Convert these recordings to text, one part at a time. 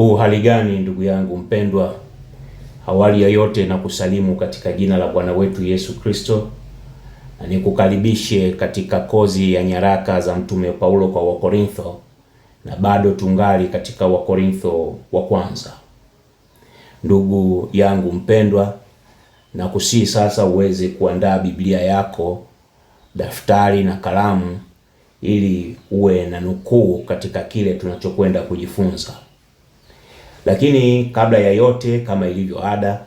uu oh, hali gani ndugu yangu mpendwa, awali ya yote na kusalimu katika jina la Bwana wetu Yesu Kristo, na nikukaribishe katika kozi ya nyaraka za Mtume Paulo kwa Wakorintho, na bado tungali katika Wakorintho wa kwanza. Ndugu yangu mpendwa, na kusii sasa uweze kuandaa Biblia yako, daftari na kalamu, ili uwe na nukuu katika kile tunachokwenda kujifunza. Lakini kabla ya yote, kama ilivyo ada,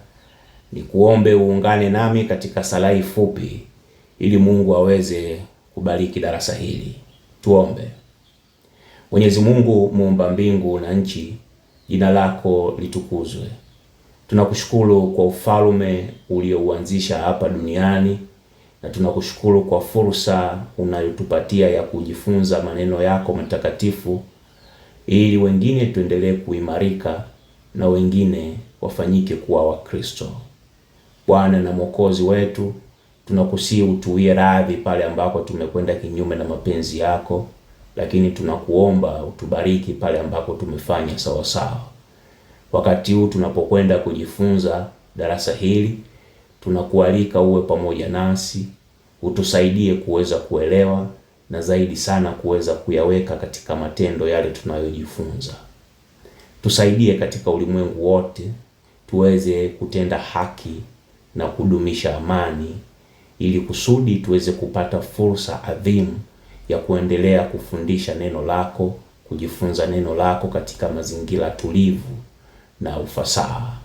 ni kuombe uungane nami katika sala fupi ili Mungu aweze kubariki darasa hili. Tuombe. Mwenyezi Mungu muumba mbingu na nchi, jina lako litukuzwe. Tunakushukuru kwa ufalme uliouanzisha hapa duniani na tunakushukuru kwa fursa unayotupatia ya kujifunza maneno yako matakatifu ili wengine tuendelee kuimarika na wengine wafanyike kuwa Wakristo. Bwana na Mwokozi wetu, tunakusihi utuwie radhi pale ambako tumekwenda kinyume na mapenzi yako, lakini tunakuomba utubariki pale ambako tumefanya sawasawa. Wakati huu tunapokwenda kujifunza darasa hili, tunakualika uwe pamoja nasi, utusaidie kuweza kuelewa na zaidi sana kuweza kuyaweka katika matendo yale tunayojifunza tusaidie katika ulimwengu wote tuweze kutenda haki na kudumisha amani, ili kusudi tuweze kupata fursa adhimu ya kuendelea kufundisha neno lako, kujifunza neno lako katika mazingira tulivu na ufasaha.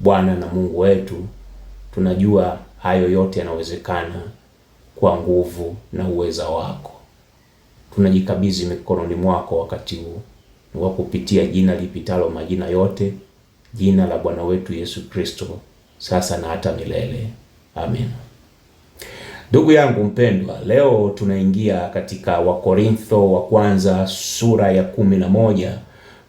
Bwana na Mungu wetu, tunajua hayo yote yanawezekana kwa nguvu na uweza wako. Tunajikabidhi mikononi mwako wakati huu wa kupitia jina lipitalo majina yote, jina la Bwana wetu Yesu Kristo, sasa na hata milele. Amen. Ndugu yangu mpendwa, leo tunaingia katika Wakorintho wa kwanza sura ya kumi na moja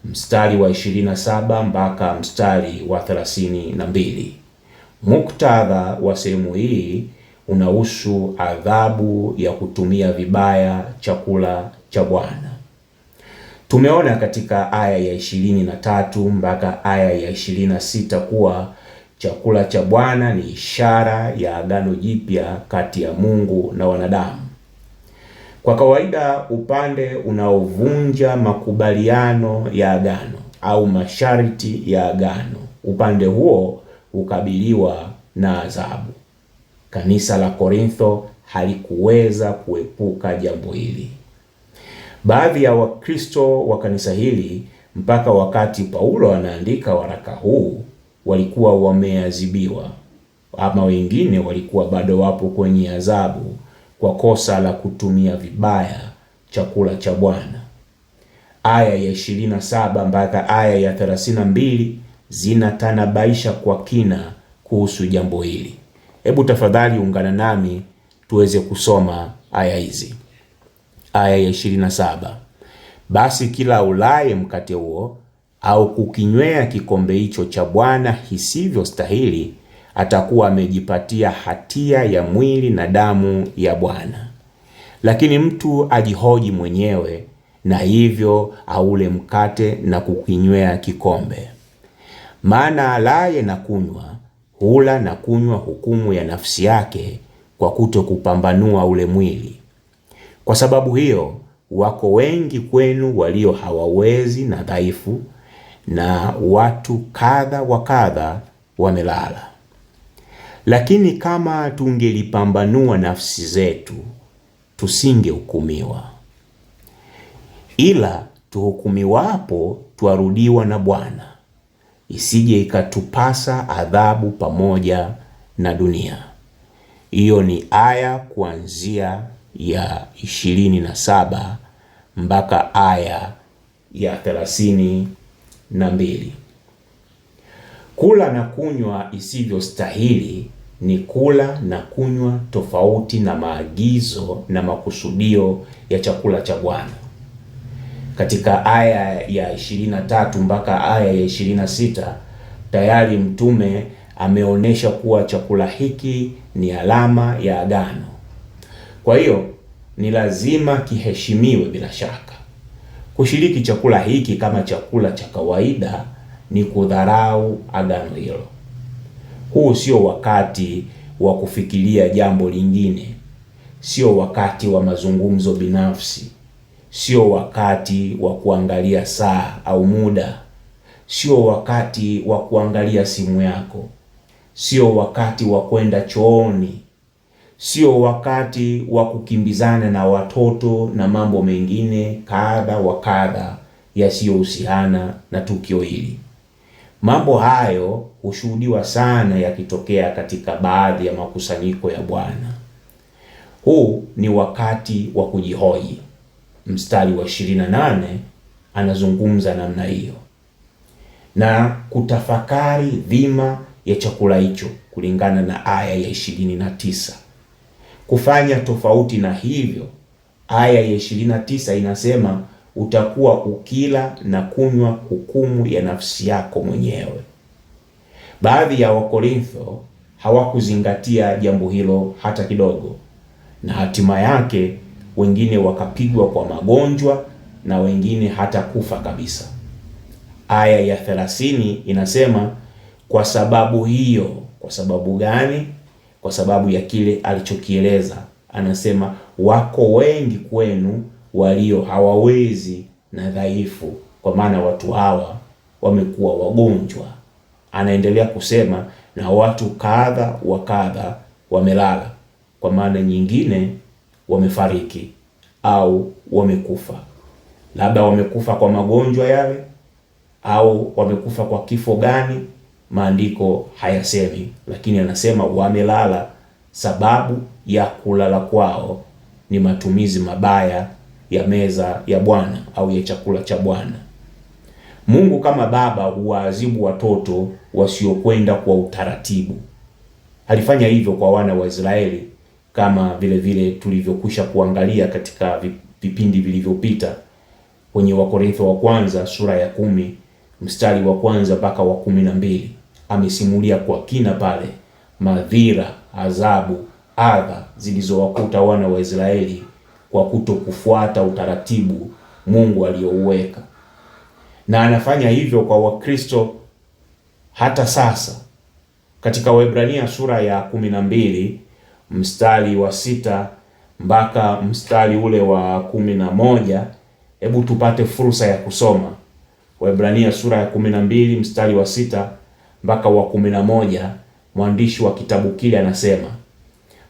mstari wa 27 mpaka mstari wa 32. Muktadha wa sehemu hii unahusu adhabu ya kutumia vibaya chakula cha Bwana. Tumeona katika aya ya ishirini na tatu mpaka aya ya ishirini na sita kuwa chakula cha Bwana ni ishara ya agano jipya kati ya Mungu na wanadamu. Kwa kawaida, upande unaovunja makubaliano ya agano au masharti ya agano, upande huo hukabiliwa na adhabu. Kanisa la Korintho halikuweza kuepuka jambo hili. Baadhi ya Wakristo wa kanisa hili mpaka wakati Paulo anaandika waraka huu walikuwa wameadhibiwa, ama wengine walikuwa bado wapo kwenye adhabu kwa kosa la kutumia vibaya chakula cha Bwana. Aya ya 27 mpaka aya ya 32 zinatanabaisha kwa kina kuhusu jambo hili. Hebu tafadhali ungana nami tuweze kusoma aya hizi aya ya 27, basi kila ulaye mkate huo au kukinywea kikombe hicho cha Bwana hisivyo stahili atakuwa amejipatia hatia ya mwili na damu ya Bwana. Lakini mtu ajihoji mwenyewe, na hivyo aule mkate na kukinywea kikombe. Maana alaye na kunywa hula na kunywa hukumu ya nafsi yake, kwa kuto kupambanua ule mwili kwa sababu hiyo, wako wengi kwenu walio hawawezi na dhaifu, na watu kadha wa kadha wamelala. Lakini kama tungelipambanua nafsi zetu, tusingehukumiwa. Ila tuhukumiwapo, twarudiwa na Bwana, isije ikatupasa adhabu pamoja na dunia. Hiyo ni aya kuanzia ya ishirini na saba mpaka aya ya thelathini na mbili. Kula na kunywa isivyostahili ni kula na kunywa tofauti na maagizo na makusudio ya chakula cha Bwana. Katika aya ya 23 mpaka aya ya 26 tayari mtume ameonyesha kuwa chakula hiki ni alama ya agano kwa hiyo ni lazima kiheshimiwe bila shaka. Kushiriki chakula hiki kama chakula cha kawaida ni kudharau agano hilo. Huu sio wakati wa kufikiria jambo lingine, sio wakati wa mazungumzo binafsi, sio wakati wa kuangalia saa au muda, sio wakati wa kuangalia simu yako, sio wakati wa kwenda chooni sio wakati wa kukimbizana na watoto na mambo mengine kadha wa kadha yasiyohusiana na tukio hili. Mambo hayo hushuhudiwa sana yakitokea katika baadhi ya makusanyiko ya Bwana. Huu ni wakati wa kujihoji. Mstari wa 28 anazungumza namna hiyo na kutafakari dhima ya chakula hicho kulingana na aya ya 29 kufanya tofauti na hivyo. Aya ya 29 inasema utakuwa ukila na kunywa hukumu ya nafsi yako mwenyewe. Baadhi ya Wakorintho hawakuzingatia jambo hilo hata kidogo, na hatima yake wengine wakapigwa kwa magonjwa na wengine hata kufa kabisa. Aya ya 30 inasema kwa sababu hiyo. Kwa sababu gani? kwa sababu ya kile alichokieleza. Anasema wako wengi kwenu walio hawawezi na dhaifu, kwa maana watu hawa wamekuwa wagonjwa. Anaendelea kusema na watu kadha wa kadha wamelala, kwa maana nyingine wamefariki au wamekufa, labda wamekufa kwa magonjwa yale, au wamekufa kwa kifo gani maandiko hayasemi, lakini anasema wamelala, sababu ya kulala kwao ni matumizi mabaya ya meza ya Bwana au ya chakula cha Bwana. Mungu kama Baba huwaadhibu watoto wasiokwenda kwa utaratibu. Alifanya hivyo kwa wana wa Israeli kama vile vile tulivyokwisha kuangalia katika vipindi vilivyopita kwenye Wakorintho wa kwanza sura ya kumi mstari wa kwanza mpaka wa kumi na mbili amesimulia kwa kina pale madhira, adhabu, adha zilizowakuta wana wa Israeli kwa kuto kufuata utaratibu Mungu aliouweka na anafanya hivyo kwa Wakristo hata sasa. Katika Waebrania sura ya kumi na mbili mstari wa sita mpaka mstari ule wa kumi na moja hebu tupate fursa ya kusoma Waebrania sura ya 12 mstari wa sita mpaka wa moja mwandishi wa kitabu kile anasema,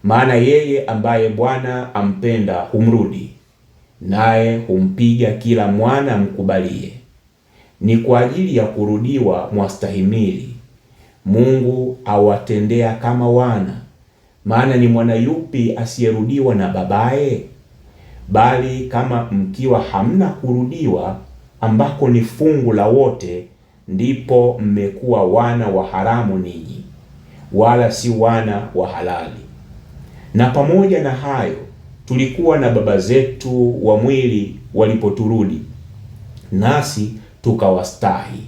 maana yeye ambaye Bwana ampenda humrudi naye humpiga kila mwana mkubalie. Ni kwa ajili ya kurudiwa mwastahimili. Mungu awatendea kama wana, maana ni mwana yupi asiyerudiwa na babaye? Bali kama mkiwa hamna kurudiwa ambako ni fungu la wote, ndipo mmekuwa wana wa haramu ninyi, wala si wana wa halali. Na pamoja na hayo tulikuwa na baba zetu wa mwili walipoturudi, nasi tukawastahi.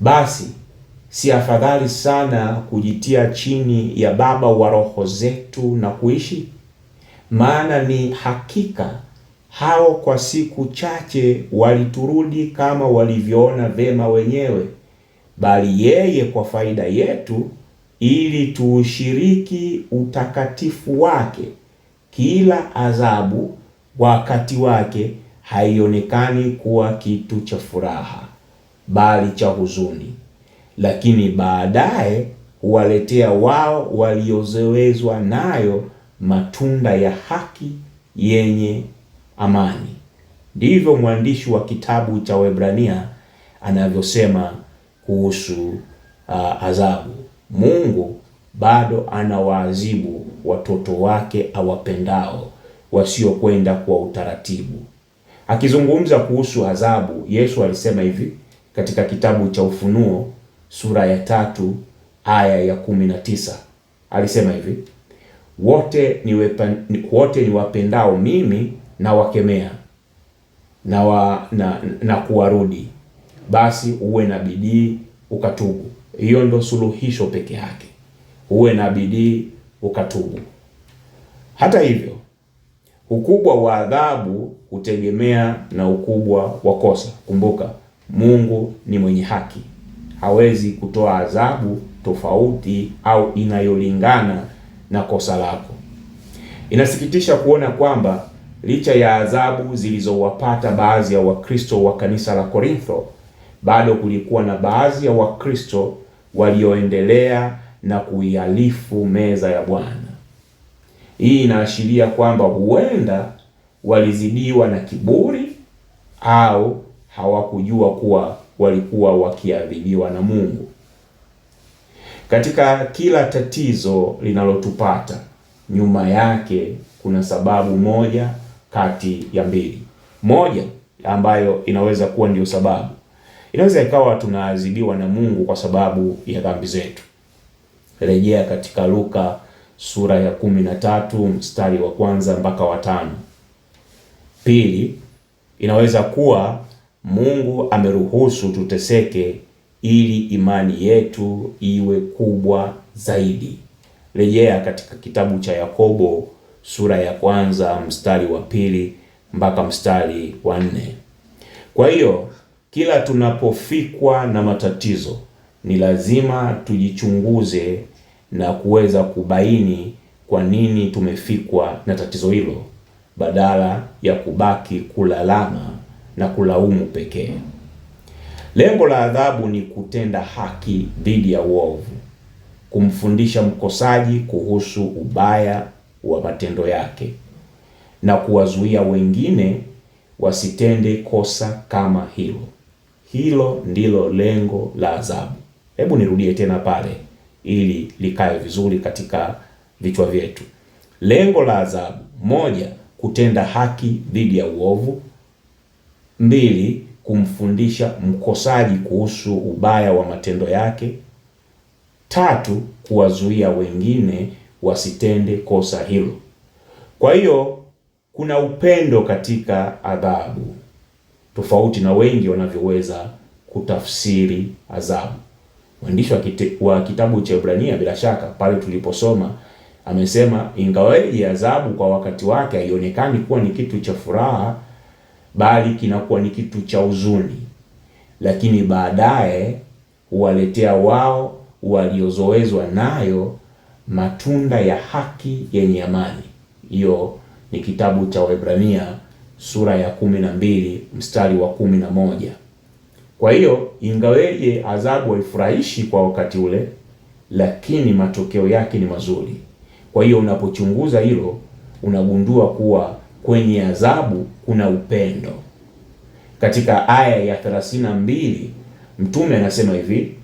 Basi si afadhali sana kujitia chini ya baba wa roho zetu na kuishi? Maana ni hakika hao kwa siku chache waliturudi kama walivyoona vema wenyewe, bali yeye kwa faida yetu, ili tuushiriki utakatifu wake. Kila adhabu wakati wake haionekani kuwa kitu cha furaha, bali cha huzuni, lakini baadaye huwaletea wao waliozoezwa nayo matunda ya haki yenye amani. Ndivyo mwandishi wa kitabu cha Waebrania anavyosema kuhusu uh, adhabu. Mungu bado anawaadhibu watoto wake awapendao wasiokwenda kwa utaratibu. Akizungumza kuhusu adhabu, Yesu alisema hivi katika kitabu cha Ufunuo sura ya tatu aya ya kumi na tisa alisema hivi, wote ni wapendao mimi nawakemea na, wa, na, na kuwarudi, basi uwe na bidii ukatubu. Hiyo ndo suluhisho peke yake, uwe na bidii ukatubu. Hata hivyo, ukubwa wa adhabu hutegemea na ukubwa wa kosa. Kumbuka, Mungu ni mwenye haki, hawezi kutoa adhabu tofauti au inayolingana na kosa lako. Inasikitisha kuona kwamba licha ya adhabu zilizowapata baadhi ya Wakristo wa kanisa la Korintho, bado kulikuwa na baadhi ya Wakristo walioendelea na kuihalifu meza ya Bwana. Hii inaashiria kwamba huenda walizidiwa na kiburi au hawakujua kuwa walikuwa wakiadhibiwa na Mungu. Katika kila tatizo linalotupata, nyuma yake kuna sababu moja kati ya mbili. Moja ambayo inaweza kuwa ndio sababu, inaweza ikawa tunaadhibiwa na Mungu kwa sababu ya dhambi zetu. Rejea katika Luka sura ya kumi na tatu mstari wa kwanza mpaka watano. Pili, inaweza kuwa Mungu ameruhusu tuteseke ili imani yetu iwe kubwa zaidi. Rejea katika kitabu cha Yakobo sura ya kwanza mstari wa pili mpaka mstari wa nne. Kwa hiyo kila tunapofikwa na matatizo ni lazima tujichunguze na kuweza kubaini kwa nini tumefikwa na tatizo hilo badala ya kubaki kulalama na kulaumu pekee. Lengo la adhabu ni kutenda haki dhidi ya uovu, kumfundisha mkosaji kuhusu ubaya wa matendo yake na kuwazuia wengine wasitende kosa kama hilo. Hilo ndilo lengo la adhabu. Hebu nirudie tena pale ili likae vizuri katika vichwa vyetu. Lengo la adhabu: moja, kutenda haki dhidi ya uovu; mbili, kumfundisha mkosaji kuhusu ubaya wa matendo yake; tatu, kuwazuia wengine wasitende kosa hilo. Kwa hiyo kuna upendo katika adhabu, tofauti na wengi wanavyoweza kutafsiri adhabu. Mwandishi wa kitabu cha Ibrania, bila shaka, pale tuliposoma amesema ingawaje adhabu kwa wakati wake haionekani kuwa ni kitu cha furaha, bali kinakuwa ni kitu cha huzuni, lakini baadaye huwaletea wao waliozoezwa nayo matunda ya haki yenye amani. Hiyo ni kitabu cha Waebrania sura ya kumi na mbili mstari wa kumi na moja. Kwa hiyo ingaweje adhabu haifurahishi kwa wakati ule, lakini matokeo yake ni mazuri. Kwa hiyo unapochunguza hilo, unagundua kuwa kwenye adhabu kuna upendo. Katika aya ya 32 mtume anasema hivi,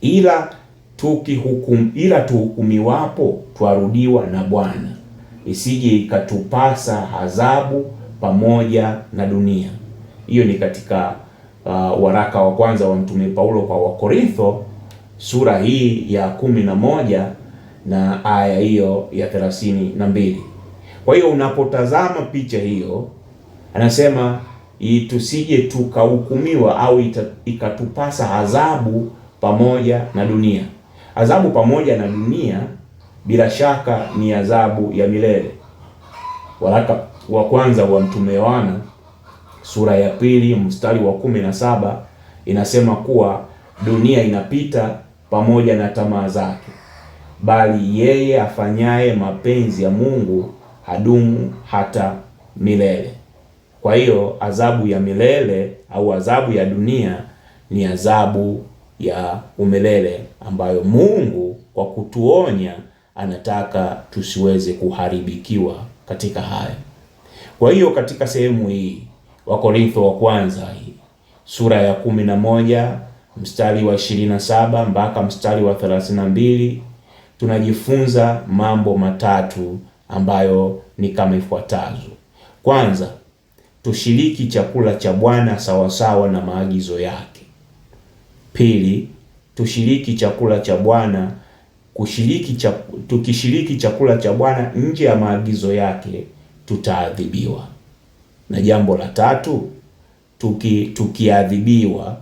ila tukihukum, ila tuhukumiwapo twarudiwa na Bwana, isije ikatupasa adhabu pamoja na dunia. Hiyo ni katika uh, waraka wa kwanza wa Mtume Paulo kwa Wakorintho sura hii ya kumi na moja na aya hiyo ya thelathini na mbili. Kwa hiyo unapotazama picha hiyo, anasema tusije tukahukumiwa au ikatupasa adhabu pamoja na dunia. Adhabu pamoja na dunia bila shaka ni adhabu ya milele. Waraka wa kwanza wa Mtume Yohana sura ya pili mstari wa kumi na saba inasema kuwa dunia inapita pamoja na tamaa zake, bali yeye afanyaye mapenzi ya Mungu hadumu hata milele. Kwa hiyo adhabu ya milele au adhabu ya dunia ni adhabu ya umelele ambayo Mungu kwa kutuonya anataka tusiweze kuharibikiwa katika haya. Kwa hiyo katika sehemu hii Wakorintho wa kwanza hii sura ya kumi na moja mstari wa 27 mpaka mstari wa 32 tunajifunza mambo matatu ambayo ni kama ifuatazo. Kwanza, tushiriki chakula cha Bwana sawasawa na maagizo yake. Pili, tushiriki chakula cha Bwana. Kushiriki cha, tukishiriki chakula cha Bwana nje ya maagizo yake tutaadhibiwa. Na jambo la tatu, tuki tukiadhibiwa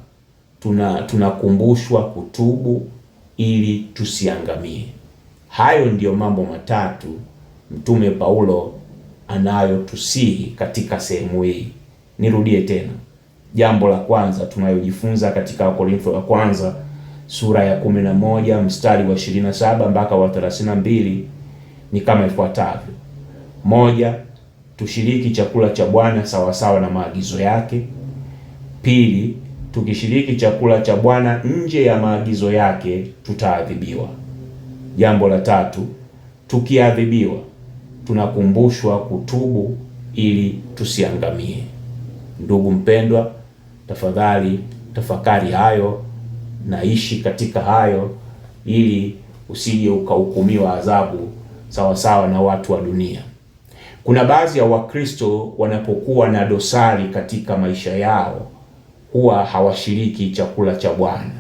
tuna tunakumbushwa kutubu ili tusiangamie. Hayo ndiyo mambo matatu Mtume Paulo anayotusihi katika sehemu hii. Nirudie tena jambo la kwanza tunayojifunza katika Wakorintho wa kwanza sura ya 11 mstari wa 27 mpaka wa 32 ni kama ifuatavyo: moja, tushiriki chakula cha Bwana sawasawa na maagizo yake. Pili, tukishiriki chakula cha Bwana nje ya maagizo yake tutaadhibiwa. Jambo la tatu, tukiadhibiwa tunakumbushwa kutubu ili tusiangamie. Ndugu mpendwa, tafadhali tafakari hayo naishi katika hayo, ili usije ukahukumiwa adhabu sawa sawa na watu wa dunia. Kuna baadhi ya Wakristo wanapokuwa na dosari katika maisha yao huwa hawashiriki chakula cha Bwana.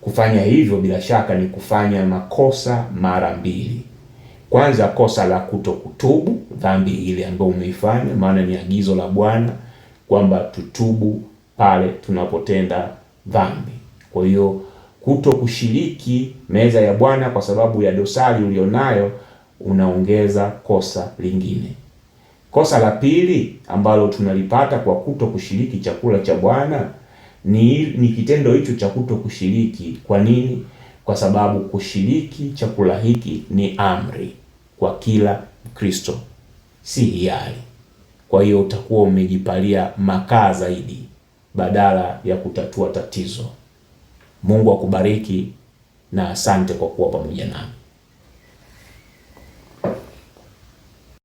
Kufanya hivyo bila shaka ni kufanya makosa mara mbili. Kwanza, kosa la kuto kutubu dhambi ile ambayo umeifanya, maana ni agizo la Bwana kwamba tutubu pale tunapotenda dhambi. Kwa hiyo kuto kushiriki meza ya Bwana kwa sababu ya dosari ulionayo unaongeza kosa lingine. Kosa la pili ambalo tunalipata kwa kuto kushiriki chakula cha Bwana ni, ni kitendo hicho cha kuto kushiriki. Kwa nini? Kwa sababu kushiriki chakula hiki ni amri kwa kila Mkristo, si hiari. Kwa hiyo utakuwa umejipalia makaa zaidi badala ya kutatua tatizo. Mungu akubariki na asante kwa kuwa pamoja nami.